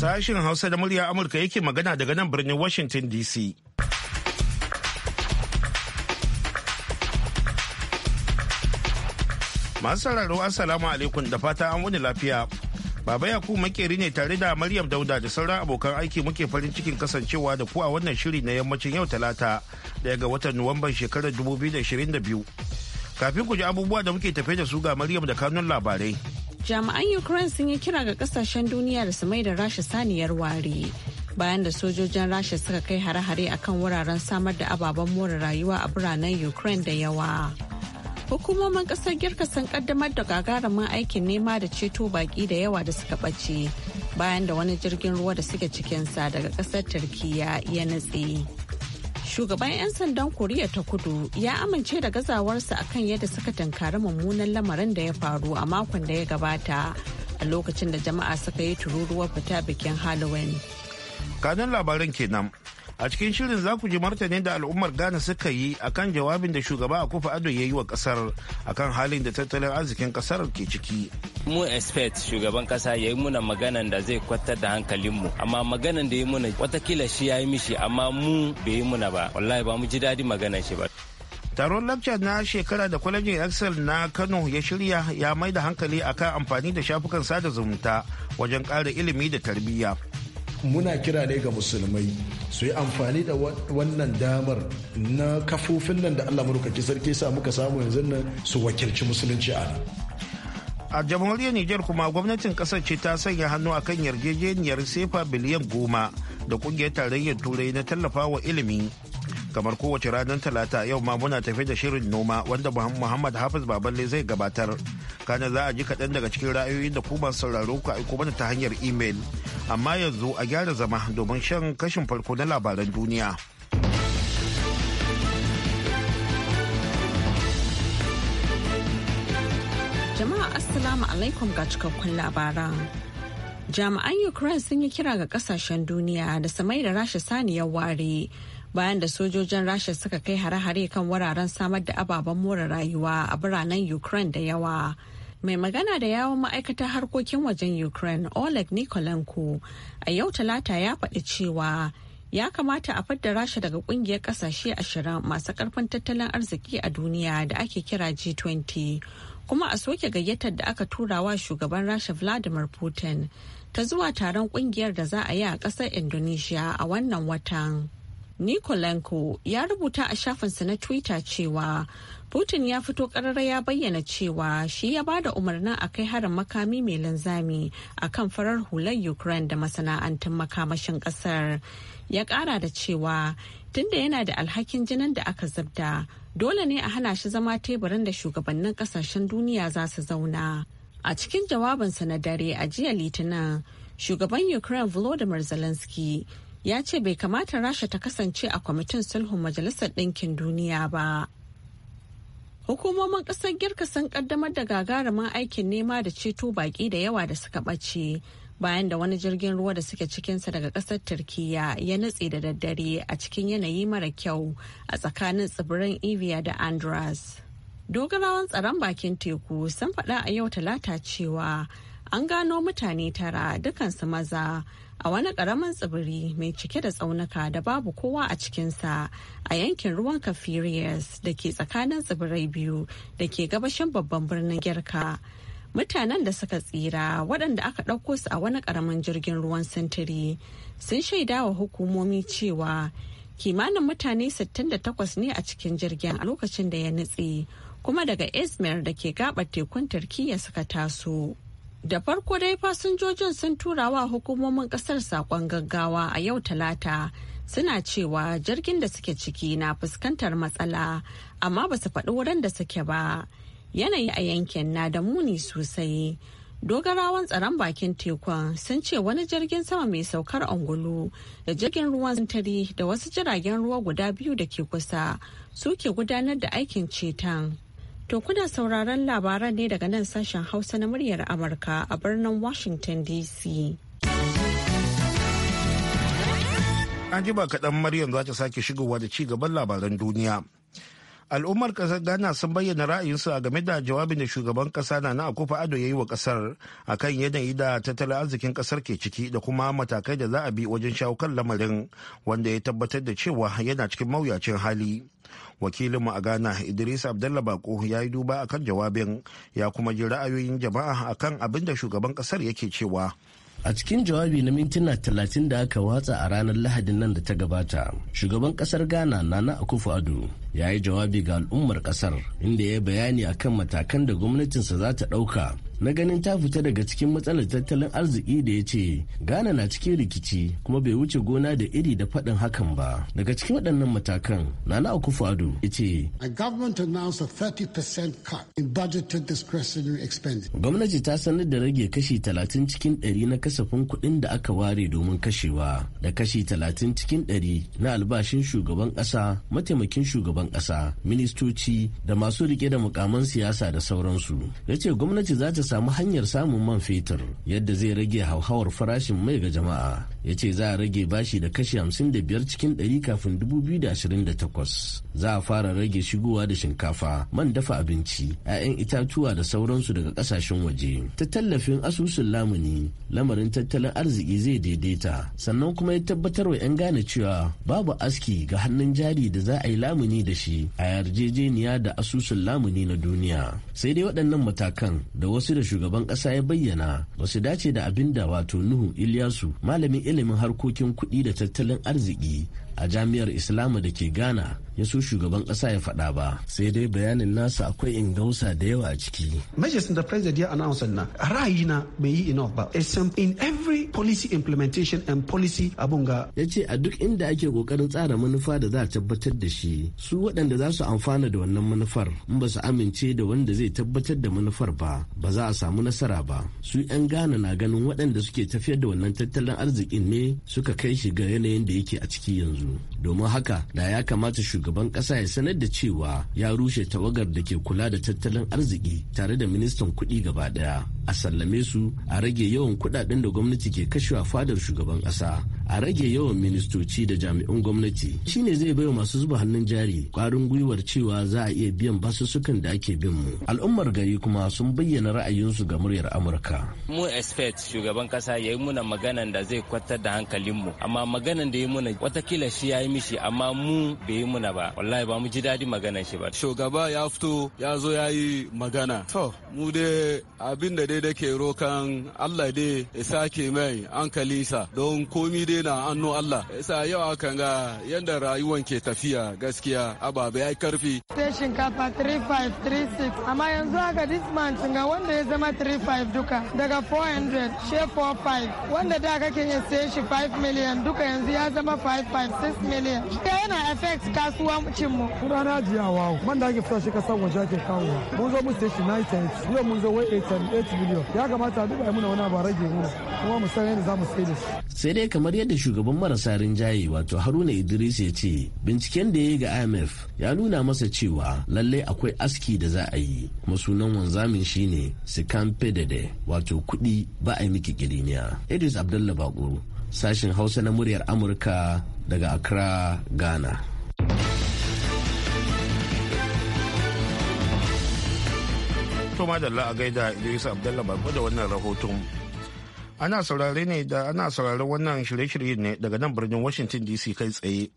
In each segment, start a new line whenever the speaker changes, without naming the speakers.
Sashin Hausa da murya Amurka yake magana daga nan birnin Washington DC. Masu sauraro Assalamu alaikum da fata an wani lafiya. Baba Yakubu makeri ne tare da Maryam Dauda da sauran abokan aiki muke farin cikin kasancewa da ku a wannan shiri na yammacin yau Talata daya ga watan Nuwamban shekarar 2022. Kafin ku ji abubuwa da muke tafe da su ga Maryam da kanun labarai.
jami'an ukraine sun yi kira ga kasashen duniya da su mai da rasha saniyar ware bayan da sojojin rasha suka kai hare-hare a kan wuraren samar da ababen more rayuwa a biranen ukraine da yawa hukumomin kasar girka sun kaddamar da gagarumin aikin nema da ceto baki da yawa da suka ɓace bayan da wani jirgin ruwa da suke cikinsa daga kasar turkiya ya natse shugaban 'yan sandan koriya ta kudu ya amince da gazawarsa akan yadda suka tankari mummunan lamarin da ya faru a makon da ya gabata a lokacin da jama'a suka yi tururuwar fita bikin halloween
kanun labarin kenan a cikin shirin za ku ji martani da al'ummar gana suka yi akan jawabin da shugaba a akufa ado ya yi wa kasar akan halin da tattalin arzikin kasar ke ciki
mu expect shugaban kasa ya yi muna maganan da zai kwatar da hankalinmu amma maganan da ya yi muna watakila shi ya yi mishi amma mu bai yi muna ba wallahi ba
mu ji daɗi maganan shi ba taron lakca na shekara da kwalejin excel na kano ya shirya ya mai da hankali akan amfani da shafukan sada zumunta wajen ƙara ilimi da tarbiyya
muna kira ne ga musulmai su yi amfani da wannan damar
na kafofin nan da allah maɗaukaki sarki sa muka samu yanzu nan su wakilci musulunci a nan a jamhuriyar niger kuma gwamnatin kasar ce ta sanya hannu akan yarjejeniyar sefa biliyan goma da kungiyar tarayyar turai na tallafa wa ilimi kamar kowace ranar talata yau ma muna tafi da shirin noma wanda muhammad hafiz baballe zai gabatar kana za a ji kaɗan daga cikin ra'ayoyin da kuma sauraro ku aiko mana ta hanyar imel amma yanzu a gyara zama domin shan kashin farko na labaran duniya
jama'a assalamu alaikum ga cikakkun labaran jami'an ukraine sun yi kira ga kasashen duniya da samai da rasha saniyar ware bayan da sojojin rasha suka kai hare-hare kan wuraren samar da ababen more rayuwa a biranen ukraine da yawa mai magana da yawon ma'aikatar harkokin wajen ukraine oleg nikolenko a yau talata ya faɗi cewa ya kamata a fadda rasha daga kungiyar kasashe ashirin masu karfin tattalin arziki a duniya da ake kira g20 kuma a soke gayyatar da aka tura wa shugaban rasha vladimir putin ta zuwa taron kungiyar da za a yi a kasar indonesia a wannan watan Nikolenko ya rubuta a shafinsa na Twitter cewa Putin ya fito karara ya bayyana cewa shi ya ba da umarnin a kai harin makami mai linzami a kan farar hular Ukraine da masana'antun makamashin kasar. Ya kara da cewa tunda yana da alhakin jinin da aka zabda dole ne a hana shi zama teburin da shugabannin kasashen duniya za su zauna. A cikin jawabinsa na dare a jiya Litinin, shugaban Ukraine Volodymyr Zelensky ya ce bai kamata rasha ta kasance a kwamitin sulhun majalisar ɗinkin duniya ba hukumomin ƙasar girka sun ƙaddamar da gagarumin aikin nema da ceto baƙi da yawa da suka ɓace bayan da wani jirgin ruwa da suke cikinsa daga ƙasar turkiya ya nutse da daddare a cikin yanayi mara kyau a tsakanin tsibirin evia da andras dogarawan tsaron bakin teku sun faɗa a yau talata cewa an gano mutane tara dukansu maza a wani karamin tsibiri mai cike da tsaunuka da babu kowa a cikinsa a yankin ruwan kafiriyas da ke tsakanin tsibirai biyu da ke gabashin babban birnin girka mutanen da suka tsira waɗanda aka ɗauko su a wani karamin jirgin ruwan sintiri sun shaida wa hukumomi cewa kimanin mutane 68 ne a cikin jirgin a lokacin da ya nutse kuma daga izmir da ke gaɓar tekun turkiyya suka taso. Da farko dai fasinjojin sun turawa hukumomin kasar saƙon gaggawa a yau talata suna cewa jirgin da suke ciki na fuskantar matsala amma ba su faɗi wurin da suke ba. Yanayi a yankin na da muni sosai. Dogarawan tsaron bakin tekun sun ce wani jirgin sama mai saukar angulu da jirgin ruwan sintiri da wasu jiragen ruwa guda biyu da ke kusa suke gudanar da aikin ceton. To kuna sauraron labaran ne daga nan sashen Hausa na muryar Amurka a birnin Washington DC.
An ji ba kaɗan Maryam za ta sake shigowa da ci gaban labaran duniya. al'ummar kasar ghana sun bayyana ra'ayinsu a game da jawabin da shugaban kasa na na akufa ado ya yi wa kasar akan yanayi da tattalin arzikin kasar ke ciki da kuma matakai da za a bi wajen shawo kan lamarin wanda ya tabbatar da cewa yana cikin mawuyacin hali wakilinmu a ghana idris abdallah bako ya yi duba akan jawabin ya kuma ji ra'ayoyin jama'a akan abin da shugaban kasar yake cewa A cikin jawabi na
mintuna talatin da aka watsa a ranar Lahadin nan da ta gabata, shugaban kasar Ghana Nana Akufo-Addo ya yi jawabi ga al'ummar kasar inda ya bayani akan matakan da gwamnatinsa za ta ɗauka na ganin ta fita daga cikin matsalar tattalin arziki da ya ce ghana na cikin rikici kuma bai wuce gona da iri da faɗin hakan ba daga cikin waɗannan matakan na nana akufo-addo ya ce gwamnati ta sanar da rage kashi talatin cikin 100 na kasafin kuɗin da aka ware domin kashewa da kashi talatin cikin 100 na albashin shugaban ƙasa mataimakin shugaban ƙasa ministoci da masu rike da mukaman siyasa da sauransu ya ce gwamnati za ta samu hanyar samun man fetur yadda zai rage hauhawar farashin mai ga jama'a ya ce za a rage bashi da kashi hamsin da biyar cikin ɗari kafin dubu biyu 2028 za a fara rage shigowa da shinkafa man dafa abinci 'ya'yan itatuwa da sauransu daga ƙasashen waje ta tallafin asusun lamuni lamarin tattalin arziki zai daidaita sannan kuma ya tabbatar wa 'yan gane cewa babu aski ga hannun jari da za a yi lamuni da shi a yarjejeniya da asusun lamuni na duniya sai dai waɗannan matakan da wasu da shugaban kasa ya bayyana ba su dace da abin da wato Nuhu Ilyasu malamin ilimin harkokin kuɗi da tattalin arziki a jami'ar islamu da ke ghana ya so shugaban kasa ya faɗa ba sai dai bayanin nasa akwai ingausa da yawa a ciki measures da president ya announce na ra'ayina bai yi enough ba except um, in every policy implementation and policy abunga ya ce a duk inda ake kokarin tsara manufa da za a tabbatar da shi su waɗanda za su amfana da wannan manufar in ba su amince da wanda zai tabbatar da manufar ba ba za a samu nasara ba su 'yan ghana na ganin waɗanda suke tafiyar da wannan tattalin arzikin ne suka kai shi ga yanayin da yake a ciki yanzu yanzu domin haka da ya kamata shugaban kasa ya sanar da cewa ya rushe tawagar da ke kula da tattalin arziki tare da ministan kuɗi gaba ɗaya a sallame su a rage yawan kuɗaɗen da gwamnati ke kashewa fadar shugaban kasa a rage yawan ministoci da jami'an gwamnati shine zai baiwa masu zuba hannun jari ƙwarin gwiwar cewa za a iya biyan basussukan da ake bin mu al'ummar gari kuma sun bayyana ra'ayinsu ga muryar amurka
mu expect shugaban kasa ya yi muna maganan da zai kwatar da hankalinmu amma maganan da ya yi muna watakila ai sai yi mishi amma mu bai yi muna ba wallahi ba mu ji daɗin maganar shi ba shugaba ya fito
ya zo ya yi magana to mu dai abin da dai dake rokan Allah dai ya sake mai ankalisa don komi dai na annu Allah yasa yau aka ga yanda rayuwan ke tafiya gaskiya ababe ai karfi
sai shinkafa 3536 amma yanzu aka this month ga wanda ya zama 35 duka daga 400 she 45 wanda da kake yin sai shi 5 million duka yanzu ya zama 55 6 million da yana affect kasuwancin mu rana jiya wawo man
da ake fita shi kasan waje ake
kawo mun zo mu station 98 yau
mun zo wai 88 million ya kamata duba muna wani ba rage mu kuma mu san yadda za mu sai da shi
sai dai kamar yadda shugaban marasa rinjaye wato haruna idris ya ce binciken da ya yi ga imf ya nuna masa cewa lallai akwai aski da za a yi kuma sunan wanzamin shine sikan fedede wato kuɗi ba a yi miki kiriniya idris abdullah bakuru sashen hausa na muryar amurka daga accra ghana
to madalla a gaida idris abdallah barko da wannan rahoton ana saurare ne da ana saurare wannan shirye-shirye ne daga nan birnin washington dc kai tsaye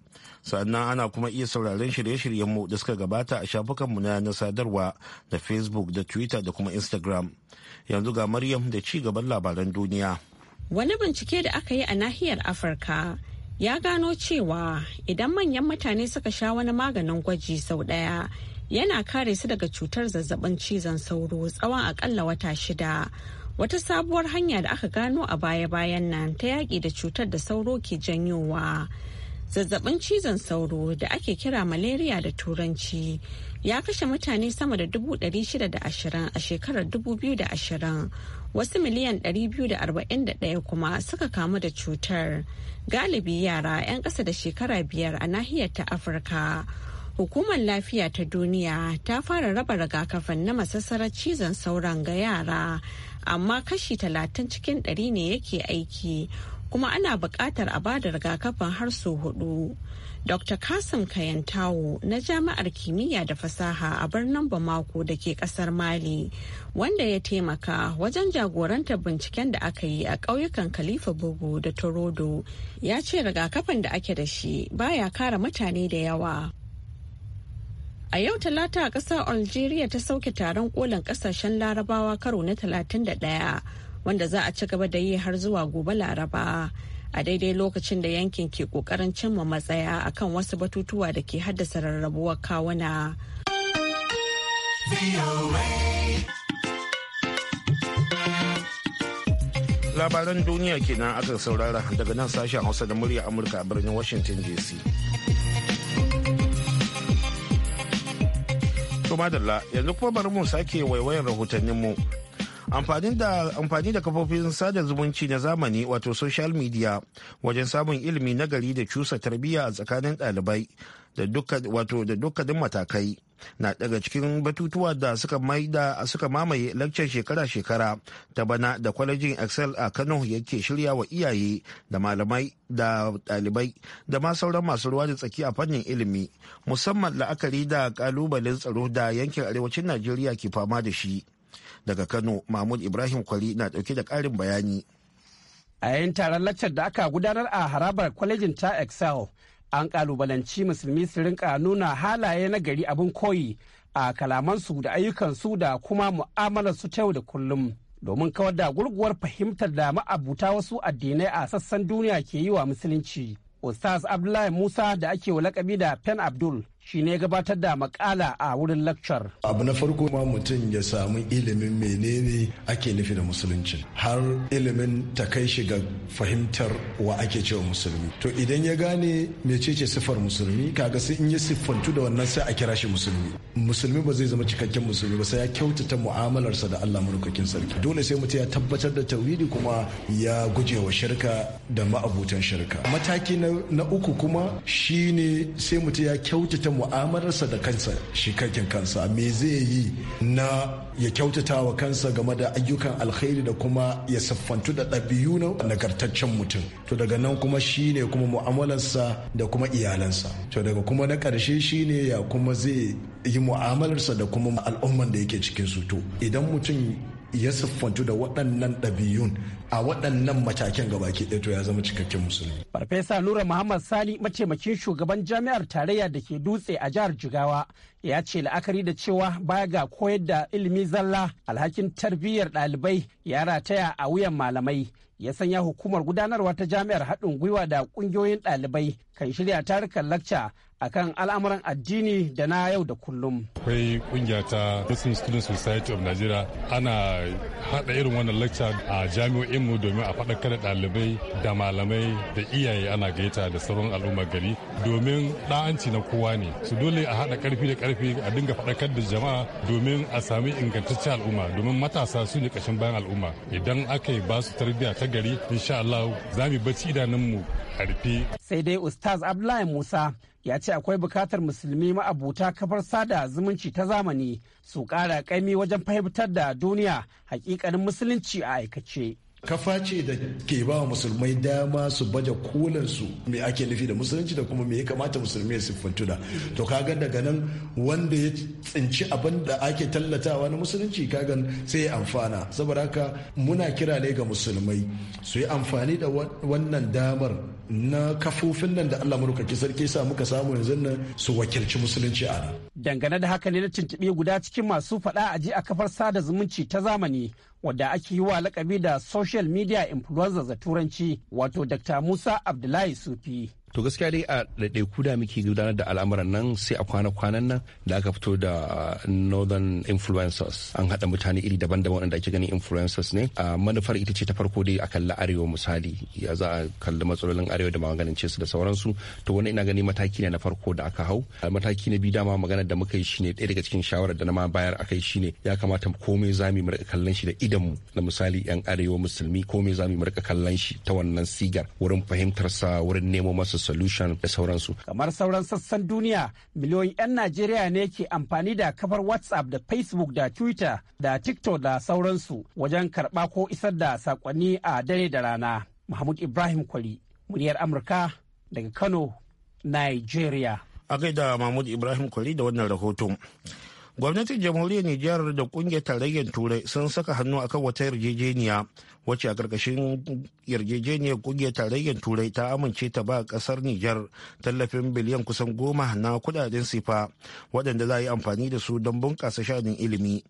sannan ana kuma iya sauraren shirye-shiryenmu da suka gabata a shafukanmu na na sadarwa da facebook da twitter da kuma instagram yanzu ga maryam da ci gaban labaran duniya
Wani bincike da aka yi a nahiyar Afirka ya gano cewa idan manyan mutane suka sha wani maganin gwaji sau ɗaya yana kare su daga cutar zazzabin cizon sauro tsawon akalla wata shida. Wata sabuwar hanya da aka gano a baya-bayan nan ta yaƙi da cutar da sauro ke janyowa. Zazzabin cizon sauro da ake kira malaria da turanci ya kashe mutane sama da dubu shida da a shekarar dubu biyu wasu miliyan ɗari biyu da arba'in da ɗaya kuma suka kamu da cutar galibi yara 'yan ƙasa da shekara biyar a nahiyar ta afirka hukumar lafiya ta duniya ta fara raba rigakafin na masassarar cizon sauran ga yara amma kashi talatin cikin ɗari ne yake aiki kuma ana buƙatar a bada rigakafin har su hudu Dr. Kasim Kayantawo na Jami'ar Kimiyya da Fasaha a birnin Bamako da ke kasar Mali, wanda ya taimaka wajen jagorantar binciken da aka yi a ƙauyukan Khalifa Bugu da Torodo, ya ce rigakafin da ake da shi baya kare mutane da yawa. A yau talata a ƙasar Algeria ta sauke taron kolin ƙasashen larabawa karo na 31 wanda za a ci gaba da yi har zuwa gobe laraba. a daidai lokacin da yankin ke kokarin cimma matsaya akan wasu batutuwa da ke haddasa rarrabuwar kawuna.
Labaran duniya kenan aka saurara daga nan sashen Hausa da murya Amurka a birnin Washington DC. To madalla yanzu kuma bari mu sake waiwayar rahotanninmu. mu. amfani da kafofin sada zumunci na zamani wato social media wajen samun ilimi nagari da cusa tarbiyya a tsakanin dalibai da dukkanin matakai na daga cikin batutuwa da suka maida suka mamaye lakcin shekara-shekara ta bana da kwalejin excel a kano yake shirya wa iyaye da malamai da dalibai da ma sauran masu ruwa da tsaki a fannin ilimi musamman la'akari da kalubalen tsaro da yankin arewacin najeriya ke fama da shi Daga Kano, Mahmud Ibrahim Kwari na dauke da karin bayani.
A yayin taron laccar da aka gudanar a harabar kwalejin ta Excel, an ƙalubalanci musulmi su rinka nuna halaye na gari abin koyi a kalamansu da ayyukansu da kuma mu'amalarsu ta yau da kullum. domin kawar da gurguwar fahimtar da ma'abuta wasu addinai a sassan duniya ke yi wa musulunci. Ustaz Abdullahi Musa da ake lakabi da Pen Abdul shi ne gabatar da makala a wurin lecture.
Abu na farko ma mutum ya samu ilimin menene ake nufi da musulunci har ilimin ta kai shi ga fahimtar wa ake cewa musulmi. To idan ya gane mecece siffar musulmi kaga sai in ya siffantu da wannan sai a kira shi musulmi. Musulmi ba zai zama cikakken musulmi ba sai ya kyautata mu'amalarsa da Allah mulkokin sarki. Dole sai mutum ya tabbatar da tauhidi kuma ya gujewa shirka da ma'abutan shirka. Mataki na uku kuma shine sai mutum ya kyautata mu'amalarsa da kansa shi kakin kansa me zai yi na ya kyautata wa kansa game da ayyukan alkhairi da kuma ya siffantu da ɗabi'u na nagartaccen mutum to daga nan kuma shi ne kuma mu'amalarsa da kuma iyalansa to daga kuma na ƙarshe shine ne ya kuma zai yi mu'amalarsa da kuma al'umman da yake cikin su to idan mutum ya siffantu da waɗannan ɗabi'un a waɗannan matakin gabaki ɗaya to ya zama cikakken musulmi.
Farfesa Nura Muhammad Sani mataimakin shugaban jami'ar tarayya da ke dutse a jihar Jigawa ya ce la'akari da cewa ba ga koyar da ilimi zalla alhakin tarbiyyar ɗalibai ya rataya a wuyan malamai ya sanya hukumar gudanarwa ta jami'ar haɗin gwiwa da ƙungiyoyin ɗalibai kan shirya tarukan lakca kan al'amuran addini da na yau da kullum.
Akwai kungiya ta Muslim Student Society of Nigeria ana haɗa irin wannan lacca a mu domin a faɗakar kada ɗalibai da malamai da iyaye ana gaita da sauran al'umma gari domin ɗa'anci na kowa ne. Su dole a haɗa ƙarfi da ƙarfi a dinga faɗakar da jama'a domin a sami ingantaccen al'umma domin matasa su ne ƙashin bayan al'umma. Idan aka yi ba su tarbiyya ta gari insha Allah za mu bacci idanunmu a rufe.
Sai dai usta ustaz abdullahi musa ya ce akwai bukatar musulmi ma'abuta kafar sada zumunci ta zamani su ƙara ƙaimi wajen fahimtar da duniya hakikanin musulunci a aikace kafa ce da
ke ba wa musulmai dama su baje kolin su me ake nufi da musulunci da kuma me ya kamata musulmi ya siffantu da to kaga daga nan wanda ya tsinci abin da ake tallatawa na musulunci kaga sai ya amfana saboda haka muna kira ne ga musulmai su yi amfani da wannan damar na kafofin nan da Allah murkaki sarki sa muka samu yanzu nan su wakilci musulunci a nan.
Dangane da haka ne na tuntuɓe guda cikin masu faɗa a ji a kafar sada zumunci ta zamani wadda ake yi wa lakabi da social social media influencers da turanci wato dr musa abdullahi sufi
to gaskiya dai a ɗaiɗaiku da muke gudanar da al'amuran nan sai a kwana-kwanan nan da aka fito da uh, northern influencers an haɗa mutane iri daban-daban wanda ake ganin influencers ne a manufar ita ce ta farko dai a kalli arewa misali ya za a kalli matsalolin arewa da maganin su da sauransu to wani ina gani mataki ne na farko da aka hau mataki na biyu dama maganar da muka yi shine ɗaya daga cikin shawarar da na ma bayar akai shine ya kamata komai zami mu rika kallon shi da idanmu na misali yan arewa musulmi komai zami mu rika kallon shi ta wannan sigar wurin fahimtarsa wurin nemo masa solution da sauransu
kamar sauran sassan duniya miliyoyin 'yan najeriya ne ke amfani da kafar whatsapp da facebook da twitter da tiktok da sauransu wajen karɓa ko isar da sakonni a dare da rana mahmud ibrahim kwari muryar amurka daga kano nigeria a gaida mahmud ibrahim
kwari da wannan rahoton gwamnatin jamhuriyar nijar da kungiyar tarayyar turai sun saka hannu akan wata yarjejeniya wacce a karkashin yarjejeniyar kungiyar tarayyar turai ta amince ta ba ƙasar nijar tallafin biliyan kusan goma na kudaden sifa waɗanda za a yi amfani da su don bunƙasa shanin ilimi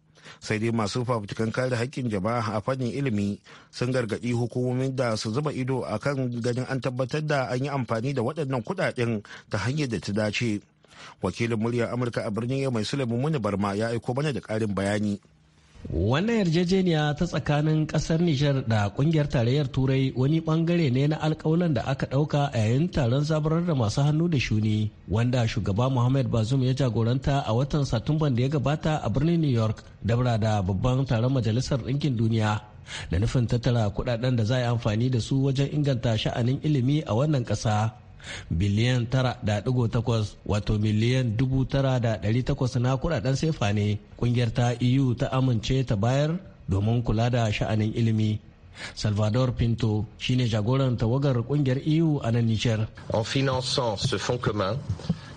sai dai masu fafutukan kare haƙƙin jama'a a fannin ilimi sun gargaɗi hukumomin da su zuba ido akan ganin an tabbatar da an yi amfani da waɗannan kudaden ta hanyar da ta dace. wakilin muryar amurka a birnin mai sulaiman muni barma ya aiko mana da karin bayani
wannan yarjejeniya ta tsakanin kasar nijar da kungiyar tarayyar turai wani bangare ne na alkawalan da aka dauka a yayin taron zabarar da masu hannu da shuni wanda shugaba muhammad bazum ya jagoranta a watan satumban da ya gabata a birnin new york dabra da babban taron majalisar ɗinkin duniya da nufin tattara kudaden da za a yi amfani da su wajen inganta sha'anin ilimi a wannan ƙasa biliyan 9.8 wato miliyan 9,800 na kudaden sefa ne kungiyar ta EU ta amince ta bayar domin kula da sha'anin ilimi. Salvador Pinto shine jagoran tawagar kungiyar EU a nan Nijar.
En finançant ce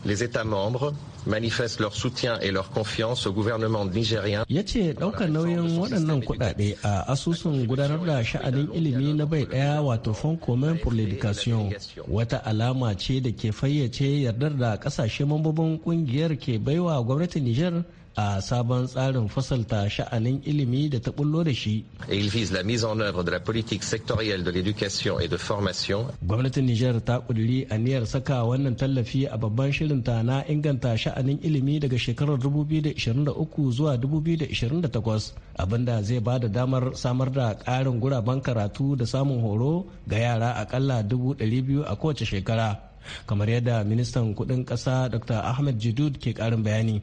les États membres manifestent leur soutien et leur confiance au gouvernement nigérien. Ya ce
ɗaukar nauyin waɗannan kuɗaɗe a asusun gudanar da sha'anin ilimi na bai ɗaya wato Fond Commun pour l'Education wata alama ce da ke fayyace yardar da ƙasashe mambobin ƙungiyar ke baiwa gwamnatin Nijar a sabon tsarin fasalta sha'anin ilimi da ta bullo da shi. de Gwamnatin Nijar ta ƙudiri aniyar saka wannan tallafi a babban shirinta na inganta sha'anin ilimi daga shekarar 2023 zuwa 2028 abinda zai ba da damar samar da ƙarin guraben karatu da samun horo ga yara akalla 200,000 a kowace shekara. kamar yadda ministan kudin kasa dr ahmed jidud ke karin bayani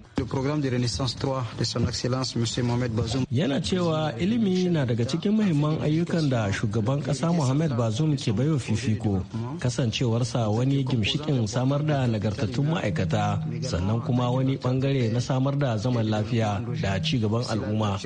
yana cewa ilimi na daga cikin muhimman ayyukan da shugaban kasa muhammad bazoum ke baiwa fifiko kasancewarsa wani gimshikin samar da nagartattun ma'aikata sannan kuma wani bangare na samar da zaman lafiya da ci gaban al'umma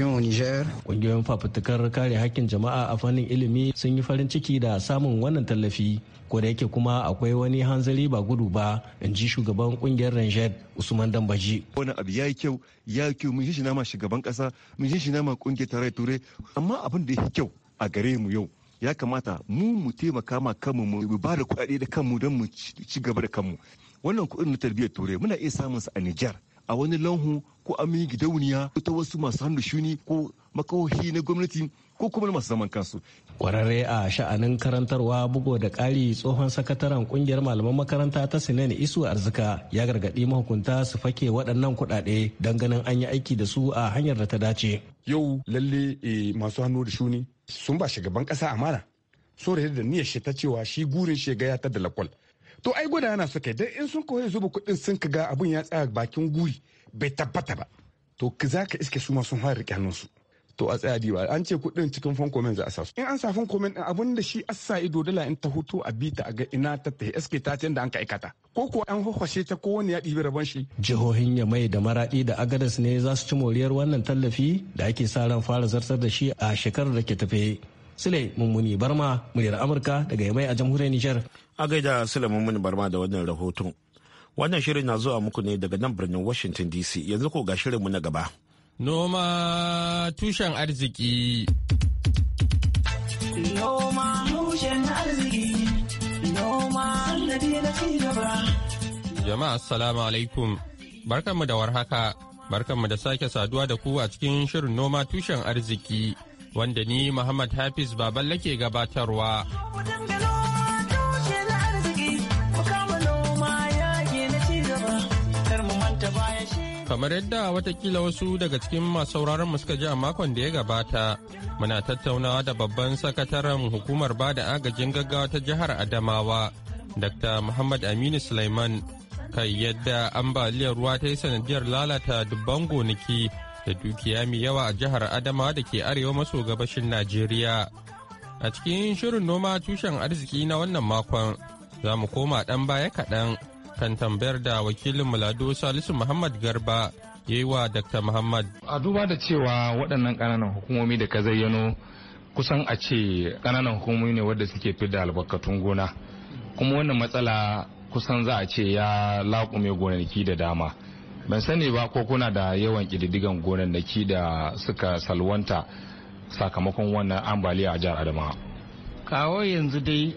ƙungiyoyin fafutukar kare hakkin jama'a a fannin ilimi sun yi farin ciki da samun wannan tallafi ko da yake kuma akwai wani hanzari ba gudu ba in ji shugaban kungiyar ranger usman dambaji
wani abu ya yi kyau ya yi kyau mun shugaban kasa mun shi nama kungiyar tarayyar turai amma abin da ya kyau a gare mu yau ya kamata mu mu taimaka ma kanmu mu ba da kuɗaɗe da kanmu don mu ci gaba da kanmu wannan kuɗin na tarbiyyar turai muna iya samun sa a Nijar a wani lanhu ko an yi gidauniya ta wasu masu hannu shuni ko makawahi na gwamnati ko kuma na masu zaman kansu.
Kwararre a sha'anin karantarwa bugo da ƙari tsohon sakataren kungiyar malaman makaranta ta Sinan Isu Arzika ya gargaɗi mahukunta su fake waɗannan kuɗaɗe don ganin an yi aiki da su a hanyar da ta dace.
Yau lalle eh, masu hannu da shuni sun ba shugaban ƙasa amana. sau da niyyar shi ta cewa shi gurin shi ya ta da lakwal. to ai gudana suka dan in sun koyi zuba kudin sun ka ga abun ya tsaya bakin guri bai tabbata ba to ka za ka iske su ma sun fara riƙe hannunsu to a tsaya diba an ce kudin cikin fankomen za a sa su in an sa fankomen din abun da shi assa ido dala in ta hutu a bita a ga ina ta ta iske ta da an ka aikata ko kuwa an hwashe ta ko wani ya ɗibi rabon shi
jihohin yamai da maraɗi da agadas ne za su ci moriyar wannan tallafi da ake sa ran fara zartar da shi a shekarar da ke tafe sule mummuni barma muryar amurka daga yamai a jamhuriyar nijar
A gaida Sulaiman mun Barma da wannan rahoton. Wannan shirin na zuwa muku ne daga nan birnin Washington DC yanzu ko ga shirinmu na gaba.
Noma tushen arziki. Jama'a assalamu alaikum. Barkanmu da warhaka. Barkanmu da sake saduwa da ku a cikin shirin noma tushen arziki wanda ni Muhammad Hafiz Baballe ke gabatarwa. kamar yadda watakila wasu daga cikin masu sauraron suka ji a makon da ya gabata muna tattaunawa da babban sakataren hukumar ba da agajin gaggawa ta jihar adamawa dr muhammad aminu suleiman kai yadda ambaliyar ruwa ta yi sanadiyar lalata dubban gonaki da dukiya mai yawa a jihar adamawa da ke arewa maso gabashin najeriya a cikin shirin noma tushen arziki na wannan makon za mu koma ɗan baya kaɗan kan tambayar da wakilin Maladu salisu muhammad garba ya yi wa dr muhammad
a duba da cewa waɗannan ƙananan hukumomi da ka zayyano kusan a ce ƙananan hukumomi ne wadda suke fi da albarkatun gona kuma wannan matsala kusan za a ce ya laƙume gonaki da dama ban sani ba ko kuna da yawan ƙididdigan gonannaki da suka salwanta sakamakon wannan ambaliya a jihar adamawa kawo yanzu
dai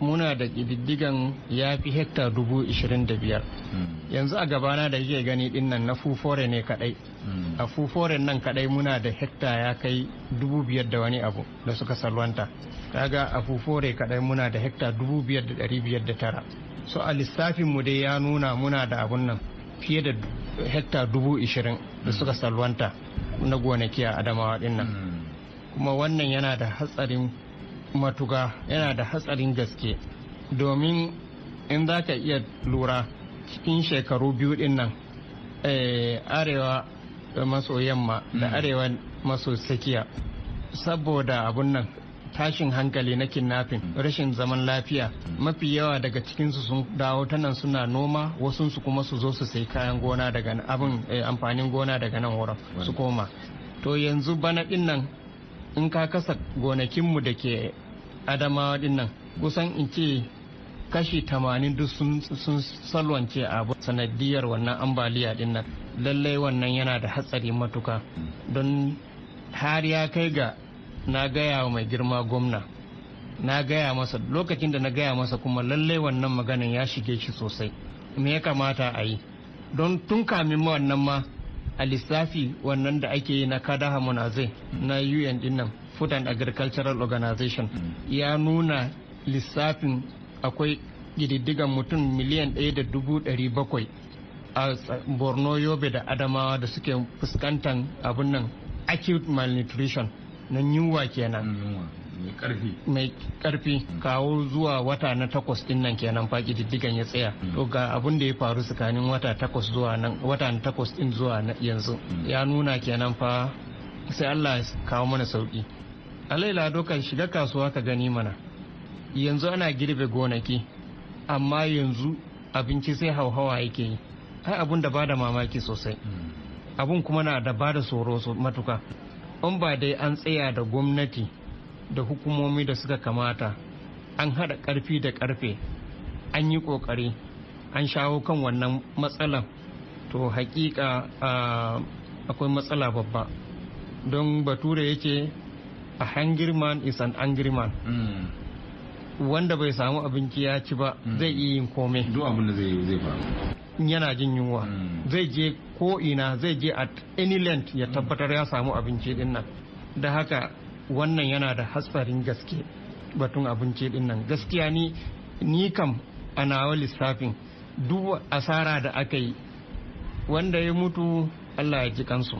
muna da ƙididdigan ya fi hekta dubu ishirin da biyar hmm. yanzu a gabana da yake gani dinnan na fufore ne kadai hmm. a fufore nan kadai muna da hekta ya kai dubu biyar da wani abu da suka salwanta kaga a fufore kadai muna da hekta dubu biyar da dari biyar da tara so a lissafin mu dai ya nuna muna da abun nan fiye da hekta dubu ishirin da suka hmm. salwanta na gonaki a adamawa dinnan kuma wannan yana da hatsarin matuga yana da hatsarin gaske domin in za ka iya lura cikin shekaru biyu din nan eh, arewa maso yamma da hmm. arewa maso tsakiya saboda abun nan tashin hankali na kidnapping hmm. rashin zaman lafiya hmm. mafi yawa daga cikinsu sun dawo ta nan suna noma wasunsu kuma su zo su sai kayan gona daga abin eh, amfanin gona daga nan wurin su koma to yanzu bana din in ka kasa gonakinmu da ke adamawa dinnan kusan in ce kashi tamanin duk sun salwance a sanadiyar wannan ambaliya dinnan lallai wannan yana da hatsari matuka don har ya kai ga na gaya wa mai girma gwamna na gaya masa lokacin da na gaya masa kuma lallai wannan maganin ya shige shi sosai me ya kamata a yi don tun kamin wannan ma a lissafi wannan da ake yi na kada Zai na un din nan food and agricultural organization mm. ya nuna lissafin akwai gididdigan mutum miliyan ɗaya da dubu ɗari bakwai a borno yobe da adamawa da suke fuskantar abin nan acute malnutrition na yunwa kenan mai karfi kawo zuwa wata na takwas din nan kenan fa diddigan ya tsaya mm. to ga abin da ya faru tsakanin wata takwas zuwa nan wata na takwas din zuwa yanzu mm. ya nuna kenan fa sai Allah ya kawo mana sauki alaila dokan shiga kasuwa ka gani mana yanzu ana girbe gonaki amma yanzu abinci sai hauhawa yake yi ai abun da bada mamaki sosai mm. abun kuma na da bada tsoro matuka in ba dai an tsaya da gwamnati da hukumomi da suka kamata an haɗa ƙarfi da ƙarfe an yi ƙoƙari an shawo kan wannan matsalan to hakika akwai matsala babba don bature yake a hangirman is an angirman mm. wanda bai samu abinci ya ci ba mm. zai iya yin komai duk abin da zai zai faru yana jin yunwa mm. zai je ko ina zai je at any land ya tabbatar ya samu abinci din da haka wannan yana da hatsarin gaske batun abinci din nan gaskiya ni ni kam a nawa lissafin duk asara da aka yi wanda ya mutu allah ya ji kansu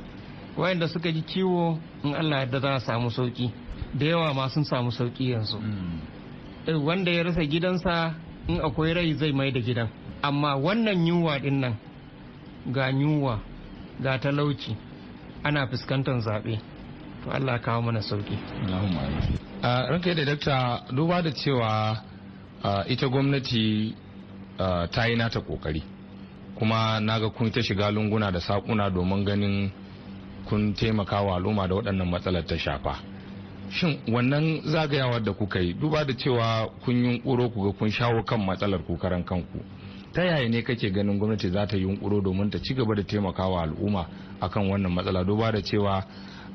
wayanda suka ji ciwo in allah yadda za a samu sauki da yawa ma sun samu sauki yanzu hmm. eh, wanda ya rasa gidansa in akwai rai zai mai da gidan amma wannan yunwa din nan ga yunwa ga talauci ana fuskantar zaɓe
to Allah kawo mana sauki a ranka da dakta duba da cewa ita gwamnati ta yi nata kokari kuma naga kun ta shiga lunguna da sakuna domin ganin kun taimaka wa al'umma da waɗannan matsalar ta shafa shin wannan zagayawar da kuka yi duba da cewa kun yunƙuro ku ga kun shawo kan matsalar ku kanku ta yaya ne kake ganin gwamnati za ta yunƙuro domin ta ci gaba da taimaka wa al'umma akan wannan matsala duba da cewa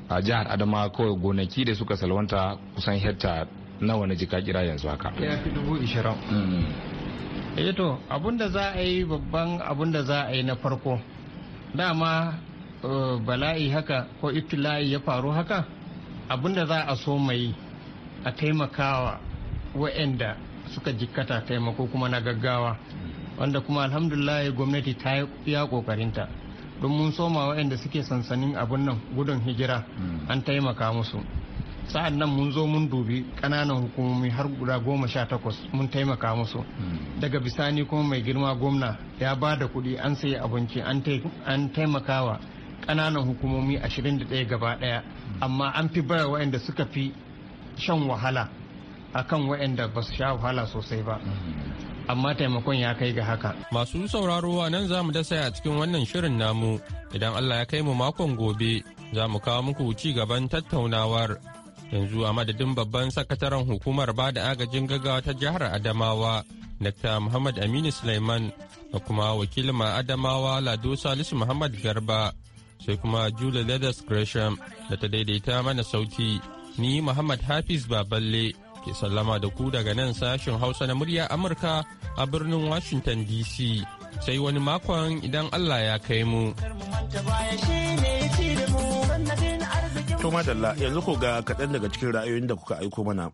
a jihar adama kawai gonaki da suka salwanta kusan hekta nawa na jika kira yanzu haka ya fi
dubu ishirin hmm. eh to abinda za a yi babban abinda za a yi na farko dama eh, bala'i haka ko ibtila'i ya faru haka abinda za a so mai a taimakawa wa'anda suka jikkata taimako kuma na gaggawa hmm. wanda kuma alhamdulillah gwamnati ta yi kokarinta don mun soma waɗanda suke sansanin abun nan gudun hijira hmm. an taimaka musu sa'an nan mun zo mun dubi ƙananan hukumomi har guda goma sha takwas mun taimaka musu hmm. daga bisani kuma mai girma gwamna ya ba da kuɗi an sayi abinci an taimakawa ƙananan hukumomi ashirin da ɗaya gaba ɗaya hmm. amma an fi baya waɗanda suka fi shan wahala akan waɗanda ba su sha wahala sosai ba amma taimakon ya kai ga haka.
Masu sauraro wa nan za mu dasa a cikin wannan shirin namu idan Allah ya kai mu makon gobe za mu kawo muku ci gaban tattaunawar. Yanzu a madadin babban sakataren hukumar ba da agajin gaggawa ta jihar Adamawa, Dr. Muhammad Aminu Suleiman da kuma wakilin Adamawa Lado Salisu Muhammad Garba sai kuma Julie Leathers Gresham da ta daidaita mana sauti. Ni Muhammad Hafiz Baballe ke sallama da ku daga nan sashen Hausa na murya Amurka a birnin Washington DC. Sai wani makon idan Allah ya kai mu.
To
madalla yanzu ko ga kaɗan daga cikin ra'ayoyin da kuka aiko mana.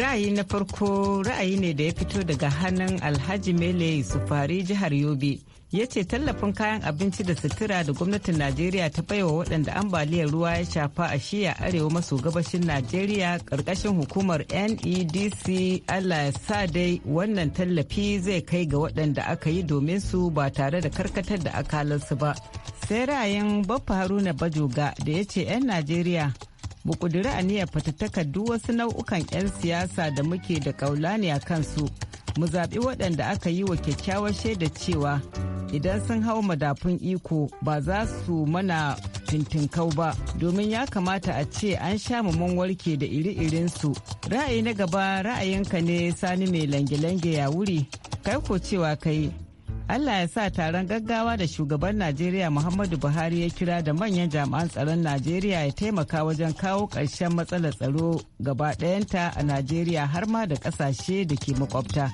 ra'ayi na farko ra'ayi ne da ya fito daga hannun alhaji mele sufari jihar yobe ya ce tallafin kayan abinci da sutura da gwamnatin najeriya ta baiwa waɗanda ambaliyar ruwa ya shafa a shiya arewa maso gabashin najeriya ƙarƙashin hukumar nedc allah ya sa dai wannan tallafi zai kai ga waɗanda aka yi domin su ba tare da karkatar da akalansu ba sai ra'ayin baffa haruna bajoga da ya ce 'yan najeriya mu ƙudiri aniyar fatattakar duk wasu nau'ukan 'yan siyasa da muke da kaulani a kansu mu zaɓi waɗanda aka yi wa kyakkyawar shaida cewa idan sun hau madafun iko ba za su mana fintinkau ba domin ya kamata a ce an sha mun warke da iri-irinsu ra'ayi na gaba ra'ayinka ne sani mai lange-lange ya wuri kai ko cewa kai Allah ya sa taron gaggawa da shugaban Najeriya Muhammadu Buhari ya kira da manyan jami'an tsaron Najeriya ya taimaka wajen kawo ƙarshen matsalar tsaro gaba ɗayanta a Najeriya har ma da ƙasashe da ke makwabta.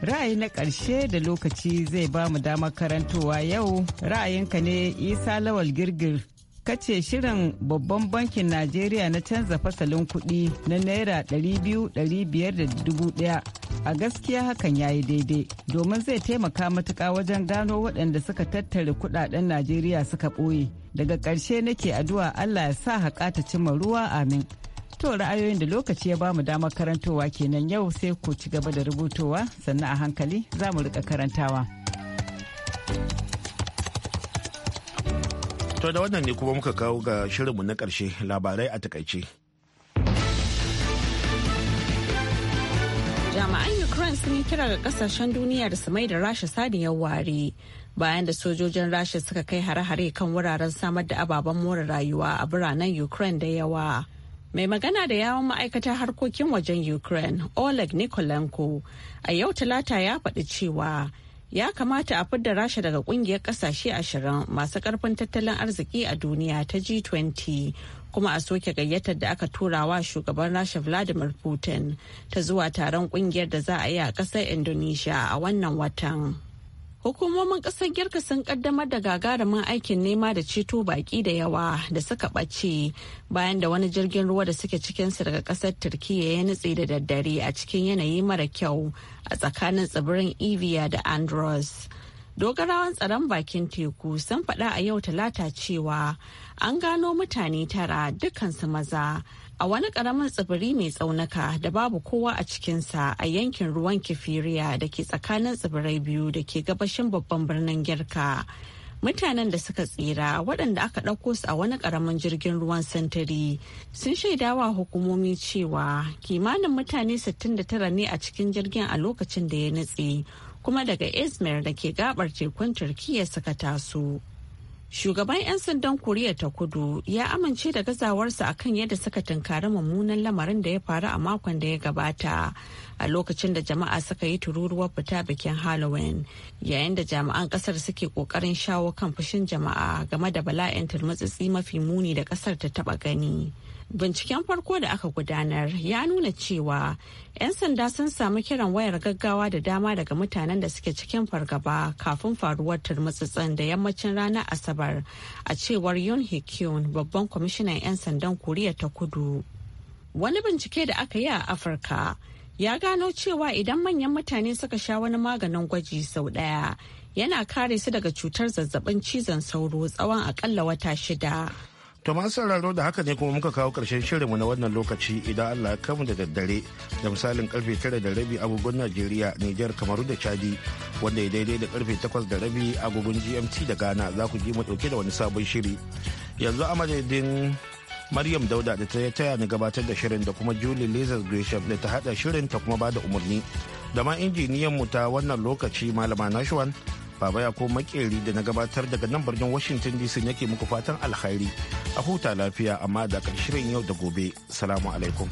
Ra'ayi na ƙarshe da lokaci zai ba mu damar karantowa yau ra'ayinka ne Isa Lawal Girgir kace shirin babban bankin najeriya na canza fasalin kuɗi na naira 200,500 a gaskiya hakan ya yi daidai domin zai taimaka matuka wajen gano waɗanda suka tattare kuɗaɗen najeriya suka ɓoye daga ƙarshe nake addu'a allah ya sa haƙa ta cimma ruwa amin to ra'ayoyin da lokaci ya bamu damar karantowa kenan yau sai ku ci gaba da rubutowa sannan a hankali za mu riƙa karantawa.
To da wannan ne kuma muka kawo ga shirinmu na ƙarshe labarai a takaice.
Jami'an Ukraine sun yi kira ga kasashen duniya da su mai da rasha saniyar ware bayan da sojojin rasha suka kai hare-hare kan wuraren samar da ababen more rayuwa a biranen Ukraine da yawa. Mai magana da yawon ma'aikatar harkokin wajen Ukraine, Oleg Nikolenko, a yau talata ya faɗi cewa ya kamata a fidda rasha daga kungiyar kasashe ashirin masu karfin tattalin arziki a duniya ta g20 kuma a soke gayyatar da aka tura wa shugaban rasha vladimir putin ta zuwa taron kungiyar da za a yi a kasar indonesia a wannan watan. Hukumomin ƙasar Girka sun kaddamar da gagarumin aikin nema da ceto baƙi da yawa da suka ɓace bayan da wani jirgin ruwa da suke cikinsu daga ƙasar Turkiyya ya nutse da daddare a cikin yanayi mara kyau a tsakanin tsibirin Evia da Andros. dogarawan tsaron bakin teku sun faɗa a yau talata cewa an gano mutane tara dukansu maza a wani karamin tsibiri mai tsaunaka da babu kowa a cikinsa a yankin ruwan kifiriya da ke tsakanin tsibirai biyu da ke gabashin babban birnin girka mutanen da suka tsira waɗanda aka ɗauko su a wani ƙaramin jirgin ruwan sintiri sun shaidawa hukumomi cewa kimanin mutane 69 ne a cikin jirgin a lokacin da ya nutse kuma daga Izmir da ke gabar tekun Turkiyya suka taso. Shugaban 'yan sandan Koriya ta kudu ya amince da gazawarsa akan yadda suka tunkari mummunan lamarin da ya faru a makon da ya gabata a lokacin da jama'a suka yi tururuwar fita bikin Halloween yayin da jami'an kasar suke kokarin shawo kan fushin jama'a game da bala'in turmutsitsi mafi muni da kasar ta taba gani. binciken farko da aka gudanar ya nuna cewa 'yan sanda sun samu kiran wayar gaggawa da dama daga mutanen da suke cikin fargaba kafin faruwar turmutsutsen da yammacin ranar asabar a cewar yun hikyun babban kwamishinan 'yan sandan koriya ta kudu wani bincike da aka yi a afirka ya gano cewa idan manyan mutane suka sha wani maganin gwaji sau ɗaya yana kare su daga cutar zazzabin cizon sauro tsawon akalla wata shida
To ma sauraro da haka ne kuma muka kawo ƙarshen shirinmu na wannan lokaci idan Allah ya kamu da daddare da misalin karfe tara da rabi agogon Najeriya, Nijar, Kamaru da Chadi wanda ya daidai da karfe takwas da rabi agogon GMT da Ghana za ku ji mu dauke da wani sabon shiri. Yanzu a madadin Maryam Dauda da ta taya ni gabatar da shirin da kuma Julie Lazar Gresham da ta hada shirin ta kuma da umarni. Da ma injiniyan mu ta wannan lokaci Malama Nashwan Baba ya ko makeri da na gabatar daga nan birnin Washington DC yake muku fatan alkhairi. A huta lafiya amma da shirin yau da gobe. Salamu alaikum.